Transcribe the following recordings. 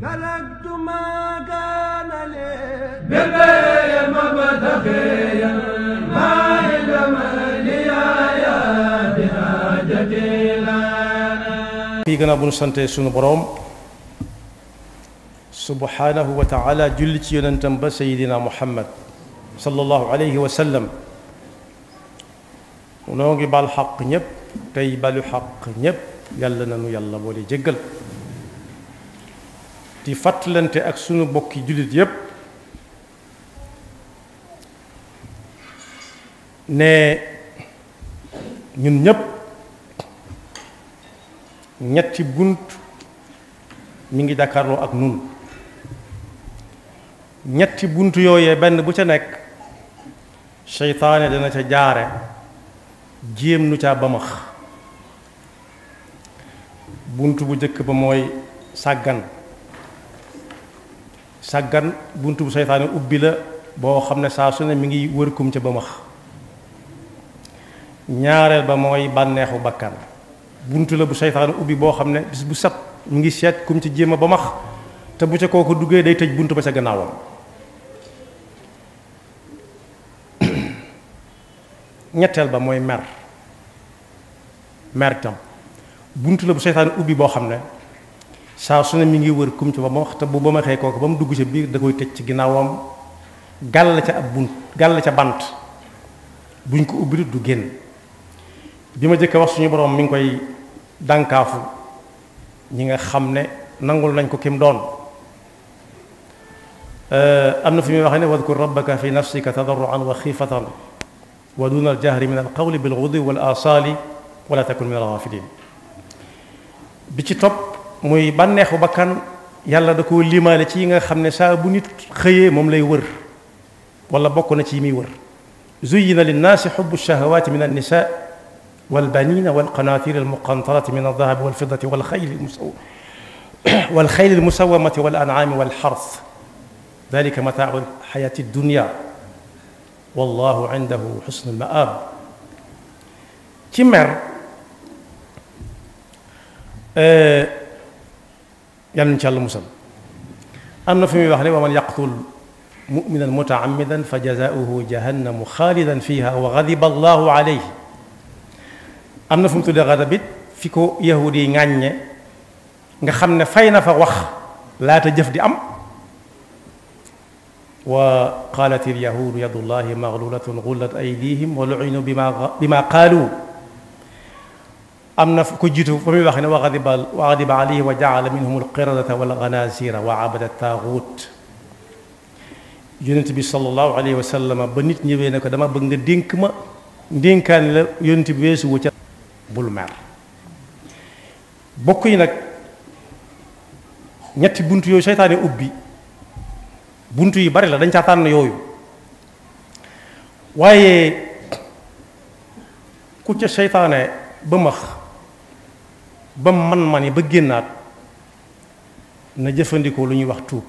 ملكت ما كان لي بغير مبتغيا ما علم لي يا بحاجتي لنا في gannaaw bu ñu sante sunu boroom subhaanahu wa taala julli ci yonentam ba sayidina muhammad sallallahu alayhi wa sallam noo ngi bal xaq ñépp tey balu xaq ñépp yàlla nanu yàlla boole jéggal di fàttalante ak sunu bokki jullit yépp ne ñun ñépp ñetti bunt mi ngi jàkkaarloo ak nun ñetti bunt yooyee benn bu ca nekk seytaane dana ca jaare jéem nu ca bamax bunt bu jëkk ba mooy sàggan sàggan bunt bu seytaane ubbi la boo xam ne saa su ne mi ngi wër kum ca ba ñaareel ba mooy bànneexu bakkan buntu la bu seytaane ubbi boo xam ne bis bu sat mi ngi seet kum ci jéem a ba te bu ca kooku duggee day tëj bunt ba ca gannaawam ñetteel ba mooy mer mer tam buntu la bu seytaane ubbi boo xam ne saa su ne mi ngi wër kum ci ba ma wax bu ba ma xëy kooku ba mu dugg ca biir da koy tëj ci ginnaawam gàll ca ab bunt gàll ca bant buñ ko ubbi du génn bi ma jëkk wax suñu borom mi ngi koy dànkaafu ñi nga xam ne nangul nañ ko kim doon am na fi muy waxee ne wadkur rabbaka fi nafsika tadarruan wa xiifatan wa duna aljahri min alqawli bilxudwi wal asaali wala takun min alxaafilin bi ci topp muy bànneexu bakkan yàlla da koo limaale ci yi nga xam ne saa bu nit xëyee moom lay wër wala bokk na ci yi muy wër zuyina linnaasi xubu shahawaati min annisa walbanina walqanatir almuqantarati min aldahabi walfidati walxayli lmusaw walxayli almusawamati walanami walxars dalika mataacu alxayaati dunia wallahu indahu xusnu almaab ci mer eh, yal nañu ci yàlla musal am na fu muy wax ne wa man yaqtul muminan mutaamidan fa jazaauhu jahannamu xaalidan fiha wa gadiba allahu alayhi am na fu mu tuddee gadab it fi ko yahudi yi ŋàññe nga xam ne fay na fa wax laata jëf di am wa qaalat ilyahudu yadullahi maglulatun gullat aydihim wa luinu bima bima qaalu am na ku jiitu ba muy wax ne wa xadiba wa xadiba alayhi wa jaala minhum alqiradata wal ganasira wa abada taaxuut yonent bi sallallahu alayhi wa sallam ba nit ñëwee ne ko dama bëgg nga dénk ma ndénkaani la yonent bi weesuwu ca bul mer bokk yi nag ñetti bunt yooyu seytaane ubbi bunt yu bari la dañ caa tànn yooyu waaye ku ca seytaane ba max ba man ma ni ba génnaat na jëfandikoo lu ñuy wax tuub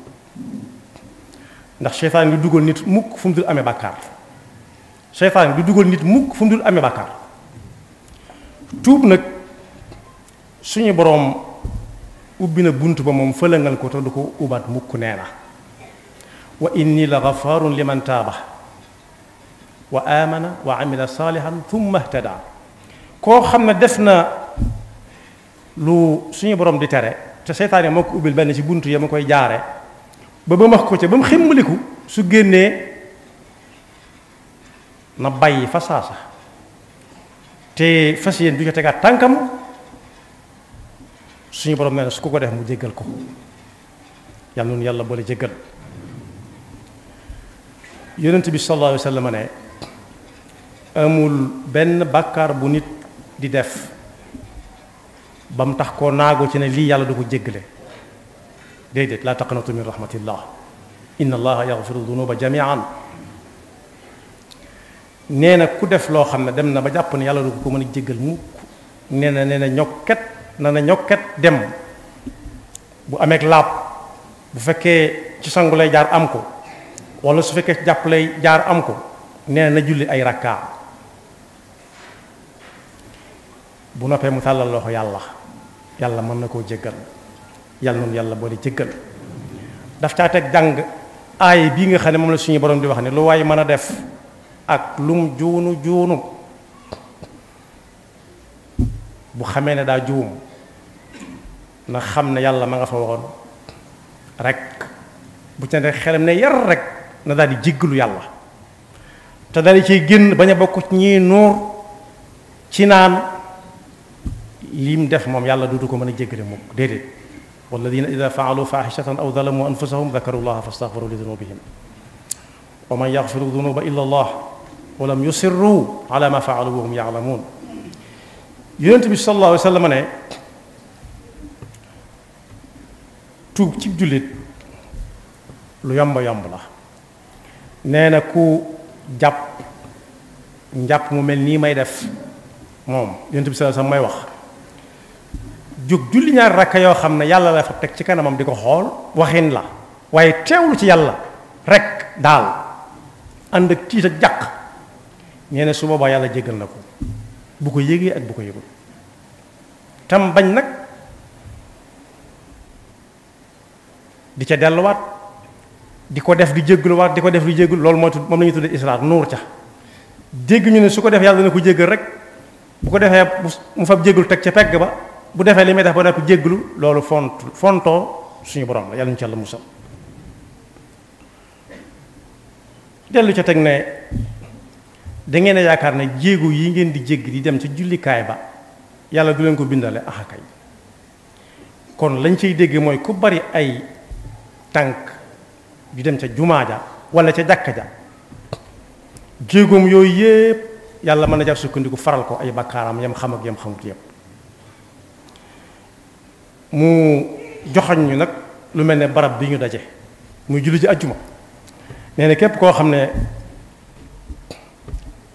ndax seytaane du dugal nit mukk fu mu dul amee bàkkaar seytaane du dugal nit mukk fu mu dul amee bàkkaar tuub nag suñu boroom ubbi na bunt ba moom fëlëngal ko te du ko ubaat mukk nee na wa inni la gafaarun liman taaba wa amana wa amila saalihan thumma ihtada koo xam ne def na lu suñu borom di tere te seytaane moo ko ubbil benn ci bunt ya ma koy jaare ba ba max ko ca ba mu ximmaliku su génnee na bàyyi fa te fas yéen du ca tegaat tànkam suñu borom nee na su ko ko def mu jéggal ko yal na yàlla boole jéggal yonent bi sallallahu alayhi wa sallam ne amul benn bàkkaar bu nit di def ba mu tax koo naagoo ci ne lii yàlla du ko jéggale déedéet laa taqnatu min rahmatillah inna allaha yaxfiru dunuba jamian nee na ku def loo xam ne dem na ba jàpp ne yàlla du ko mën a jéggal mukk nee na nee na ñokket na na ñokket dem bu ameeg làpp bu fekkee ci sangu lay jaar am ko wala su fekkee jàpp lay jaar am ko nee na na julli ay rakkaa bu noppee mu tàllal loxo yàlla yàlla mën na koo jéggal yàlla noonu yàlla boole jéggal daf caa teg jàng aay bii nga xam ne moom la suñu borom di wax ne lu waay man a def ak lum juunu juunu bu xamee ne daa juum na xam ne yàlla ma nga fa waxoon rek bu ca ne xelam ne yar rek na daal di jéggalu yàlla te daal di ciy génn bañ bokk ci nuur ci naan mu def moom yàlla duutu ko mën a jéggale moom déedéet walladina ida faalu faaxishatan aw zalamu anfusahum dakaru llaha fastaxfaru li dunubihim wa man yaxfiru dunuba illa allah wa lam yusirru ala ma faalu wahum yaalamuun yonent lu yomb yomb la nee na ku jàpp njàpp mu mel nii may def moom yonent bi sallallahu may wax jóg julli ñaari rakka yoo xam ne yàlla la fa teg ci kanamam di ko xool waxin la waaye teewlu ci yàlla rek daal ànd ak tiit ak jàq nee su boobaa yàlla jéggal na ko bu ko yégee ak bu ko yégul tam bañ nag di ca delluwaat di ko def di jégguluwaat di ko def di jéggul loolu mooy moom la ñuy tuddee islaar nuur ca dégg ñu ne su ko def yàlla dana ko jéggal rek bu ko defee mu fab jéggul teg ca pegg ba bu defee li may def ba noppi jégglu loolu font fontoo suñu borom la yàlla ñu ci yàlla musal dellu ca teg ne da yaakaar ne jéego yi ngeen di jégg di dem ca jullikaay ba yàlla du leen ko bindale axakay kon lañ ciy dégg mooy ku bari ay tànk di dem ca jumaa ja wala ca jàkka ja jéegoom yooyu yépp yàlla mën na jar sukkandiku faral ko ay bakkaaram yam xam ak yam xamut yépp mu joxañ ñu nag lu mel ni barab bi ñu daje muy julli ji ajjuma nee képp koo xam ne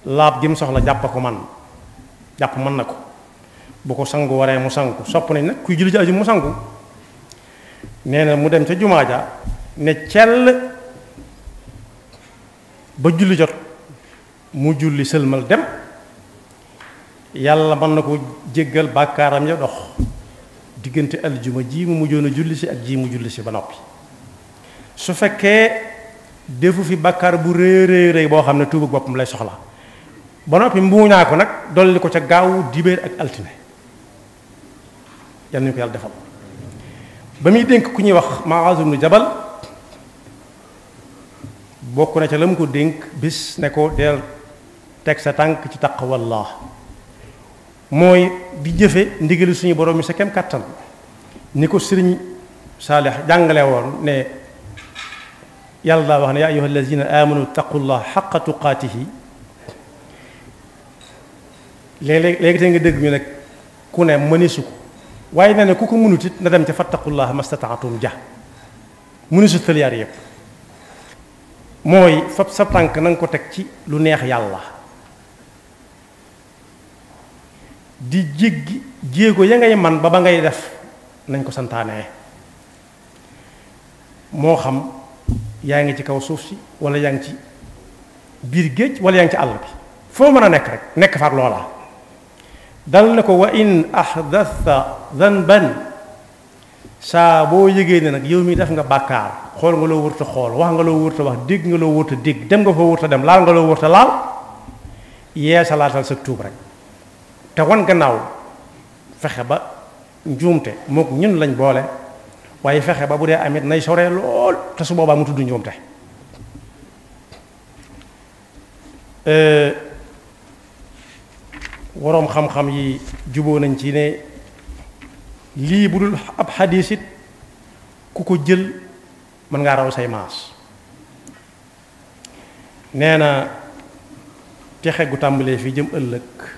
laab gi mu soxla jàpp ko man jàpp mën na ko bu ko sangu waree mu sangu sopp nañ nag kuy julli ji ajjuma mu sangu nee mu dem ca jumaa ja ne cell ba julli jot mu julli sëlmal dem yàlla mën na ko jéggal bàkkaaram ya dox diggante aljuma ji mu mujjoon a julli si ak ji mu julli si ba noppi su fekkee defu fi bàkkaar bu rëy rëy boo xam ne tuubu boppam lay soxla ba noppi mbuuñaa ko nag dolli ko ca gaaw dibéer ak altine yal nañu ko yàlla defal ba muy dénk ku ñuy wax Muaaz ibn Jabal bokk na ca la mu ko dénk bis ne ko deel teg sa tànk ci taqwallah mooy bi jëfe ndigali suñu borom mi sa kem kàttan ni ko sëriñ saalix jàngale woon ne yàlla daa wax ne yaa ayyuha allazina amanu taqullah xaqa tuqaatihi léeg léegi tey nga dégg ñu ne ku ne mënisu ko waaye nee na ku ko mënut it na dem ca fattaqullaha mastataatum ja mënisu tël yaar yëpp mooy fab sa tànk na ko teg ci lu neex yàlla di jéggi jéego ya ngay man ba ba ngay def nañ ko santaanee moo xam yaa ngi ci kaw suuf si wala yaa ngi ci biir géej wala yaa ngi ci àll bi foo mën a nekk rek nekk faak loola dal ne ko wa in ahdatha zanban saa boo yëgee ne nag yow mi def nga bàkkaar xool nga loo wërta xool wax nga loo wërta wax dégg nga loo wërta dégg dem nga fa wërta dem laal nga loo wërta laal yee salaatal sa tuub rek te wan gannaaw fexe ba njuumte mook ñun lañ boole waaye fexe ba bu dee amit nay sore lool te su boobaa mu tudd njuumte waroom xam-xam yi juboo nañ ci ne lii bu dul ab xadiis it ku ko jël mën ngaa raw say maas nee na texe gu tàmbalee fi jëm ëllëg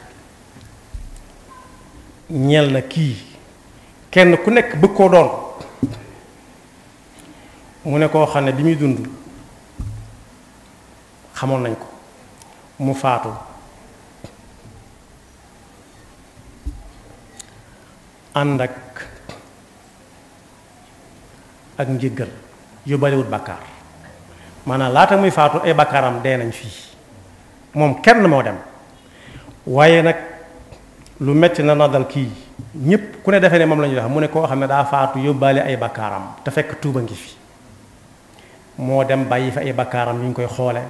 ñeel na kii kenn ku nekk bëgg koo doon mu ne koo xam ne bi muy dund xamoon nañ ko mu faatu ànd ak ak njëggal yóbbaalewut bàkkaar maanaam laata muy faatu ay bàkkaaram dee nañ fii moom kenn moo dem waaye nag lu metti na na dal kii ñëpp ku ne defee ne moom la ñuy wax mu ne koo xam ne daa faatu yóbbaale ay bakkaaram te fekk tuuba ngi fi moo dem bàyyi fa ay bakkaaram yu ñu koy xoole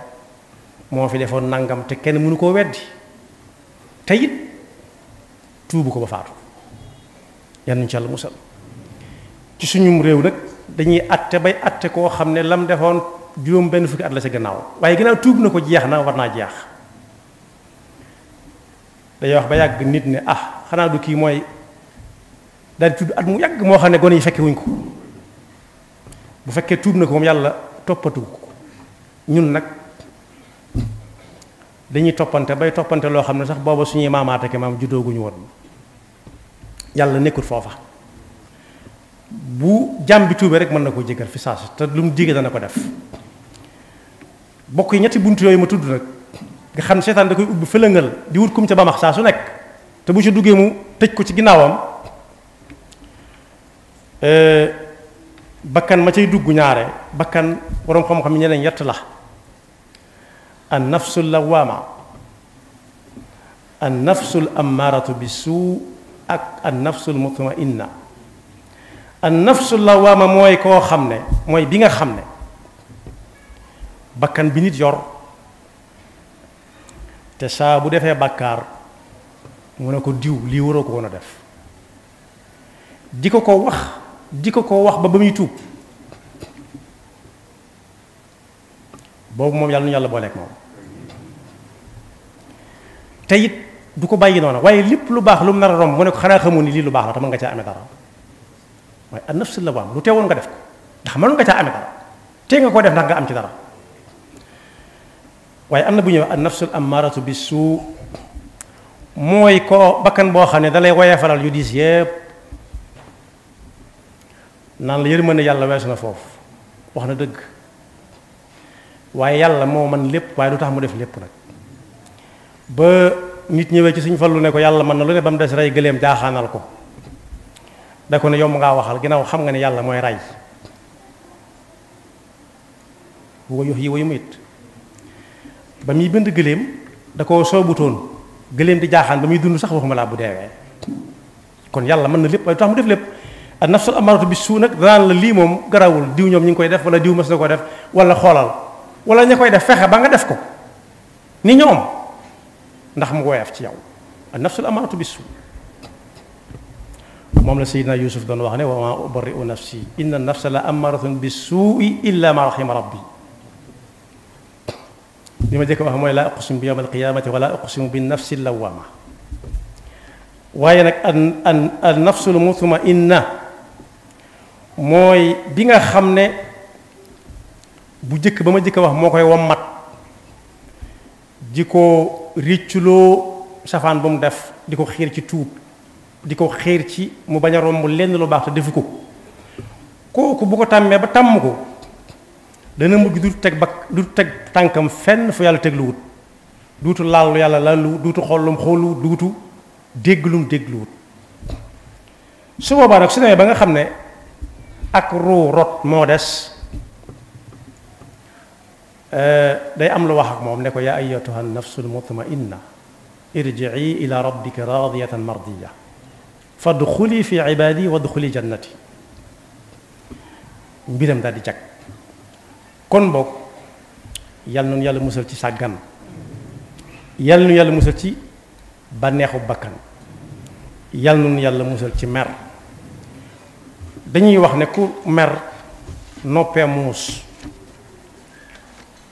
moo fi defoon nangam te kenn mënu koo weddi te it tuubu ko ba faatu yan nuñ ci Yàlla musal ci suñum réew nag dañuy atte bay atte koo xam ne lam defoon juróom benn fukki at la sa gannaaw waaye gannaaw tuub na ko jeex na war naa jeex day wax ba yàgg nit ne ah xanaa du kii mooy daal di tudd at mu yàgg moo xam ne gone yi fekke wuñ ko bu fekkee tuub na ko moom yàlla toppatu ko ñun nag dañuy toppante bay toppante loo xam ne sax booba suñuy maamaate ke maam juddooguñu woon yàlla nekkul foofa bu jàmm bi tuubee rek mën na koo jégal fi saasi te lu mu digee dana ko def bokk yi ñetti bunt yooyu ma tudd nag nga xam ne seetaan da koy ubbi fëlëngal di wut kum ca bamax saa su nekk te bu ci duggee mu tëj ko ci ginnaawam eh, bakkan ma cay dugg ñaare bakkan waroom xam-xam yi ñeneen yett la an nafsul lawaama an nafsul ak an an nafsul lawaama mooy koo xam ne mooy bi nga xam ne bakkan bi nit yor te saa bu defee bàkkaar mu ne ko diw lii waroo ko woon a def di ko ko wax di ko ko wax ba ba muy tuub boobu moom yàlla nu yàlla booleeg moom te it du ko bàyyi noonu waaye lépp lu baax lu mu nar a romb mu ne ko xanaa xamoon ni lii lu baax la te mën nga caa amee dara waaye an nafsul la bu am lu teewoon nga def ko ndax mën nga caa amee dara te nga ko def ndax nga am ci dara waaye am na bu ñëw an nafsul ammaratu bi su mooy ko bakkan boo xam ne dalay woyefalal yu diis yépp naan la na yàlla weesu na foofu wax na dëgg waaye yàlla moo man lépp waaye lu tax mu def lépp nag ba nit ñëwee ci suñ fallu ne ko yàlla mën na lu ne ba mu des rey gëléem jaaxaanal ko da ko ne yomb ngaa waxal ginnaaw xam nga ne yàlla mooy rey wa yox yi wayu mu it ba muy bind gëléem da koo soobutoon gëléem di jaaxaan ba muy dund sax waxuma laa bu deewee kon yàlla mën na lépp waaye tax mu def lépp ak nafsul amaratu bi suu nag danaan la lii moom garawul diw ñoom ñu ngi koy def wala diw mas na ko def wala xoolal wala ña koy def fexe ba nga def ko ni ñoom ndax mu woyof ci yow ak nafsul amaratu bi suu moom la Seydina Yuusuf doon wax ne wa maa ubarri'u nafsi inna nafsa la amaratun bi suui illa ma rahima rabbi li ma jëkk wax mooy laa uqsimu bi yawmal qiyaamati wala uqsimu bi nafsi lawaama waaye nag an an an nafsul mutmainna mooy bi nga xam ne bu jëkk ba ma jëkk wax moo koy wammat di ko récculoo safaan bu mu def di ko xiir ci tuub di ko xiir ci mu bañ a romb lenn lu baax te defu ko kooku bu ko tàmmee ba tàmm ko dana mujj du teg bak du teg tànkam fenn fu yàlla teg lu wut duutu laal yàlla laal lu wut duutu xool lum xool lu wut duutu dégg dégg lu wut su boobaa nag su demee ba nga xam ne ak ruu rot moo des euh, day am lu wax ak moom ne ko yaa ayyatuha nafsul mutmainna irjii ila rabbika radiyatan mardiya fadxuli fi ibadi jannati mbiram daal di jag kon boog yàlla noonu yàlla musal ci sàggan yàlla noonu yàlla musal ci bànneexu bakkan yàlla noonu yàlla musal ci mer dañuy wax ne ku mer noppee muus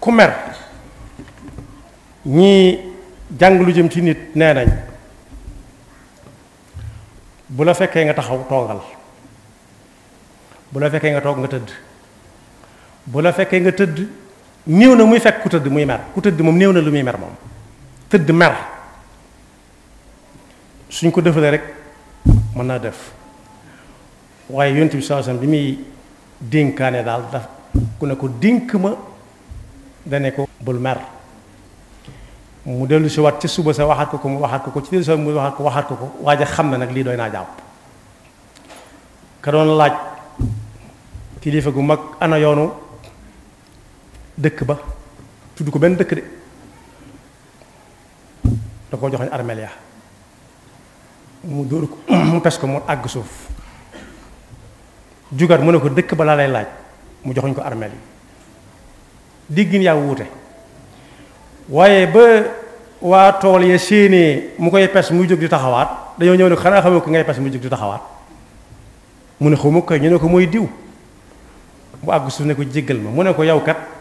ku mer ñii jàng lu jëm ci nit nee nañ bu la fekkee nga taxaw toogal bu la fekkee nga toog nga tëdd bu la fekkee nga tëdd néew na muy fekk ku tëdd muy mer ku tëdd moom néew na lu muy mer moom tëdd mer suñ ko defalee rek mën naa def waaye yonent bi saasam bi muy dénkaane daal ku ne ko dénk ma dane ko bul mer mu dellu si waat ca suba sa waxaat ko ko mu waxaat ko ko ci dellu si waat mu waxaat ko waxaat ko ko waaye xam na nag lii dooy naa jàpp ka doon laaj kilifa gu mag ana yoonu dëkk ba tudd ko benn dëkk de da koo joxoñ armeel ya mu dóor ko mu tas ko mu àgg suuf jugaat mu ne ko dëkk ba laa lay laaj mu joxuñ ko armeel yi diggin yaa wuute waaye ba waa tool ya séenée mu koy pes muy jóg di taxawaat dañoo ñëw ne ko xanaa xamee ko ngay pes muy jóg di taxawaat mu ne xaw ma koy ñu ne ko mooy diw mu àgg suuf ne ko jéggal ma mu ne ko yow kat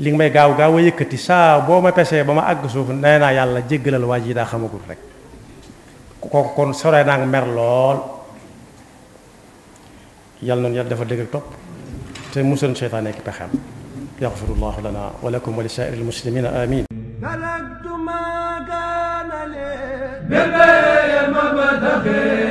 li nga may gaaw gaaw a yëkkati saa boo ma pesee ba ma àgg suuf nee naa yàlla jéggalal waa ji daa xamagul rek kooku kon sore naa mer lool yàlla noonu yàlla dafa dëgg topp te musal seytaane ak pexeem yaxfirullahu lana wa lakum wa li saa'iril muslimina amin تركت ما كان لي بغير مبتغي